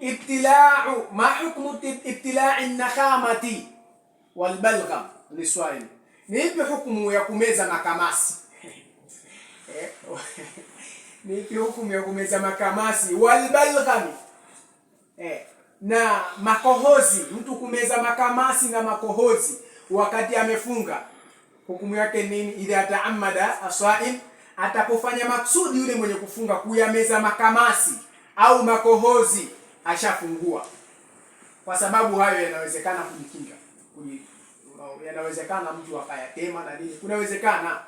ibtilau ma hukmu ibtilai nakhamati ni swali. Ni ipi ya kumeza makamasi? Ni ipi ya kumeza makamasi eh, na makohozi? Mtu kumeza makamasi na makohozi wakati amefunga hukumu yake nini? Idha taamada atakofanya maksudi yule mwenye kufunga kuyameza makamasi au makohozi ashafungua, kwa sababu hayo yanawezekana kujikinga, yanawezekana mtu akayatema na nini, kunawezekana.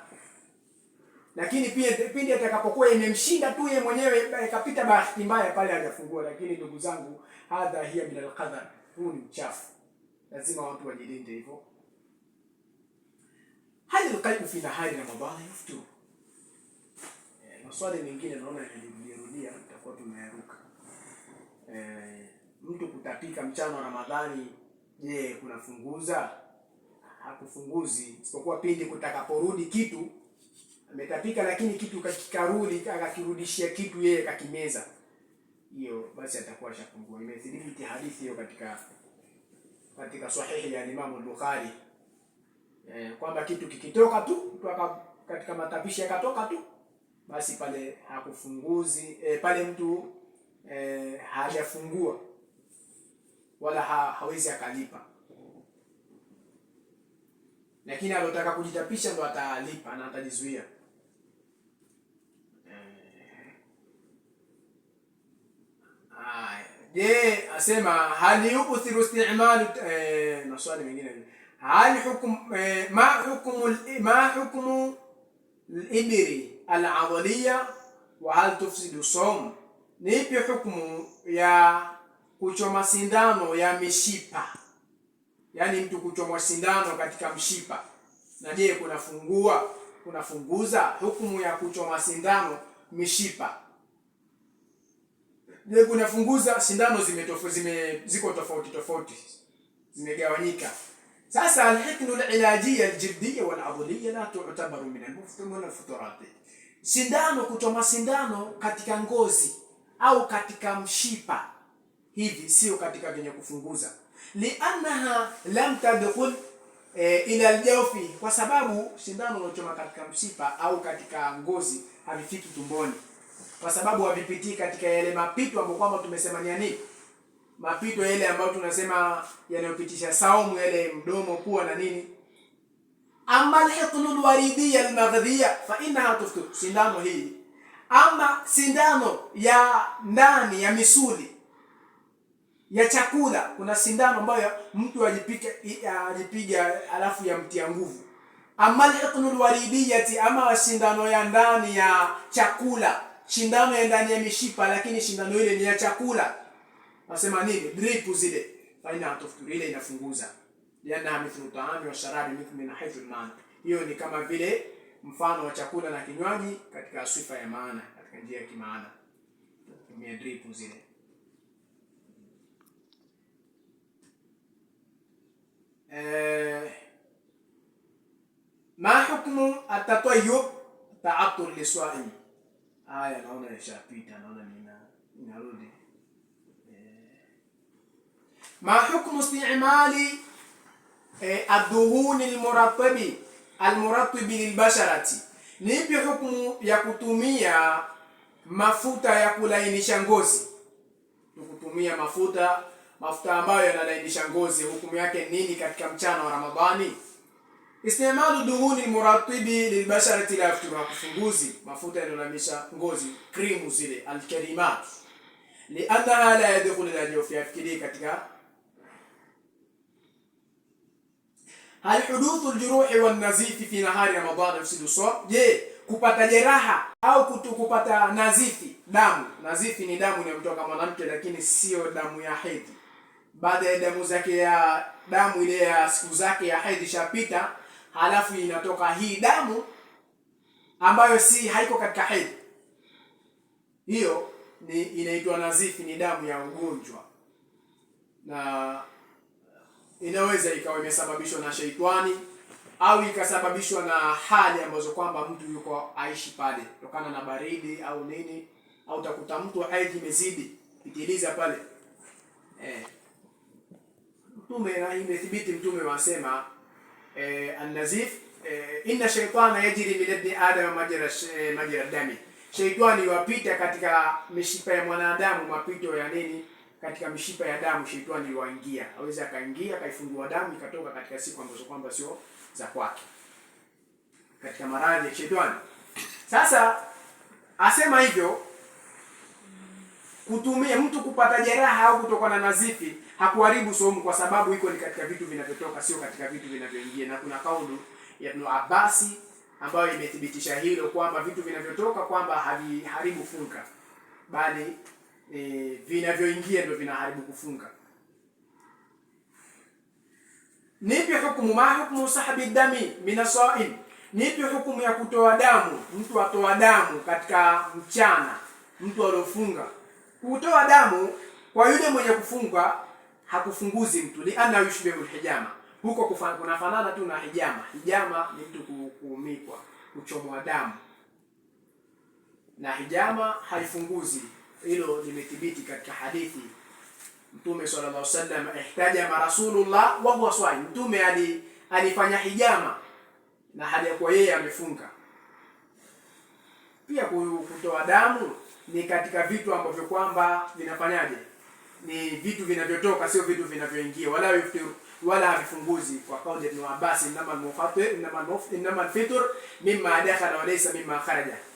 Lakini pia pindi atakapokuwa imemshinda tu yeye mwenyewe, ikapita bahati mbaya pale hajafungua. Lakini ndugu zangu, hadha hiya min alqadar, huu ni uchafu, lazima watu wajilinde hivyo. hali alqalbu fi nahari Ramadhani yuftu maswali mengine naona yanajirudia, tutakuwa tumeruka E, mtu kutapika mchana wa Ramadhani, je, kunafunguza? Hakufunguzi, isipokuwa pindi kutakaporudi kitu ametapika, lakini kitu kakikarudi, akakirudishia kitu yeye kakimeza, hiyo basi atakuwa shafungua. Imethibiti hadithi hiyo katika katika sahihi ya Imam Bukhari, e, eh, kwamba kitu kikitoka tu katika matapishi yakatoka tu basi pale hakufunguzi e, pale mtu e, hajafungua wala ha, hawezi akalipa, lakini alotaka kujitapisha ndo atalipa na atajizuia. Eh, Je, asema hal yubthiru istimalu e, na swali mengine hal hukum e, ma hukumu ma hukumu libri al-adhaliya wa hal tufsidu som? ni ipi hukumu ya kuchoma sindano ya mishipa, yaani mtu kuchomwa sindano katika mshipa? Na je, kunafungua kunafunguza? Hukumu ya kuchoma sindano mishipa, je, kunafunguza? Sindano zimetofu, zime, ziko tofauti tofauti, zimegawanyika. Sasa alhiknu alilajia aljiddiya waladhaliya la tutabaru min almuftumin alfuturat Sindano kuchoma sindano katika ngozi au katika mshipa hivi, sio katika vyenye kufunguza, liannaha lam tadkhul e, ila aljawfi, kwa sababu sindano unaochoma katika mshipa au katika ngozi havifiki tumboni, kwa sababu havipitii katika yale mapito ambayo kwamba tumesema ni nini, mapito yale ambayo tunasema yanayopitisha saumu, yale mdomo, kuwa na nini ama lhiqlul waridiya almaghdhiya fa innaha tuftu, sindano hii ama sindano ya ndani ya misuli ya chakula. Kuna sindano ambayo mtu ajipiga ajipiga, alafu yamtia nguvu. Ama lhiqlul alwaridiyati, ama sindano ya ndani ya chakula, sindano ya ndani ya mishipa, lakini sindano ile ni ya chakula. Nasema nini? Drip zile, fa innaha tuftu, ile inafunguza liannaha mithlu taami wa sharabi mithlu min haithu lmaana, hiyo ni kama vile mfano wa chakula na kinywaji katika sifa ya maana, katika njia ya kimaana tumia dripu zile. Eh, ma hukmu atatayub taatul liswaim. Aya, naona ishapita, naona nina inarudi. Eh, ma hukmu istimali Eh, adhuhuni almuratabi almuratibi lilbasharati. Ni ipi hukumu ya kutumia mafuta ya kulainisha ngozi? Kutumia mafuta mafuta ambayo yanalainisha ngozi, hukumu yake nini katika mchana wa Ramadhani? Istimalu duhuni almuratibi lilbasharati la kufunguzi, mafuta yanalainisha ngozi, krimu zile, alkarimat liannaha la yadkhulu la katika alhuduthu ljuruhi wanazifi fi nahari Ramadhani yufsidu sawm, je, kupata jeraha au kutu kupata nazifi damu. Nazifi ni damu inayomtoka mwanamke, lakini sio damu ya hedhi. Baada ya damu zake ya damu ile ya siku zake ya hedhi ishapita, halafu inatoka hii damu ambayo si haiko katika hedhi, hiyo ni inaitwa nazifi, ni damu ya ugonjwa na inaweza ikawa imesababishwa na sheitani au ikasababishwa na hali ambazo kwamba mtu yuko aishi pale kutokana na baridi au nini, au utakuta mtu aidi imezidi pitiliza pale eh. Mtume imethibiti, mtume wasema eh, an-nazif eh, inna shaytana yajri min ibni adam majra eh, majra dami, sheitani wapita katika mishipa ya mwanadamu mapito ya nini katika mishipa ya damu shetani aliwaingia, aweza akaingia akaifungua damu ikatoka katika siku ambazo kwamba sio za kwake, katika maradhi ya shetani. Sasa asema hivyo, kutumia mtu kupata jeraha au kutokana na zifi hakuharibu somu, kwa sababu iko ni katika vitu vinavyotoka, sio katika vitu vinavyoingia. Na kuna kaulu ya Ibn Abbas ambayo imethibitisha hilo kwamba vitu vinavyotoka kwamba haviharibu funka bali e, vinavyoingia ndio vinaharibu kufunga. Nipi hukumu ma hukumu sahabi dami min asaim, nipi hukumu ya kutoa damu? Mtu atoa damu katika mchana, mtu aliofunga kutoa damu kwa yule mwenye kufunga hakufunguzi mtu, li anna yushbihu hijama, huko kunafanana tu na hijama. Hijama ni mtu kuumikwa, kuchomwa damu, na hijama haifunguzi hilo limethibiti katika hadithi Mtume sallallahu alaihi wasallam, ihtajama rasulullah wa huwa swai, Mtume ali alifanya hijama na hali ya kuwa yeye amefunga. Pia kutoa damu ni katika vitu ambavyo kwamba vinafanyaje, ni vitu vinavyotoka, sio vitu vinavyoingia, wala yuftir, wala havifunguzi, kwa kauli ya Ibn Abbas, inama al-mufatir inama al-fitr mimma dakhala wa laysa mimma kharaja.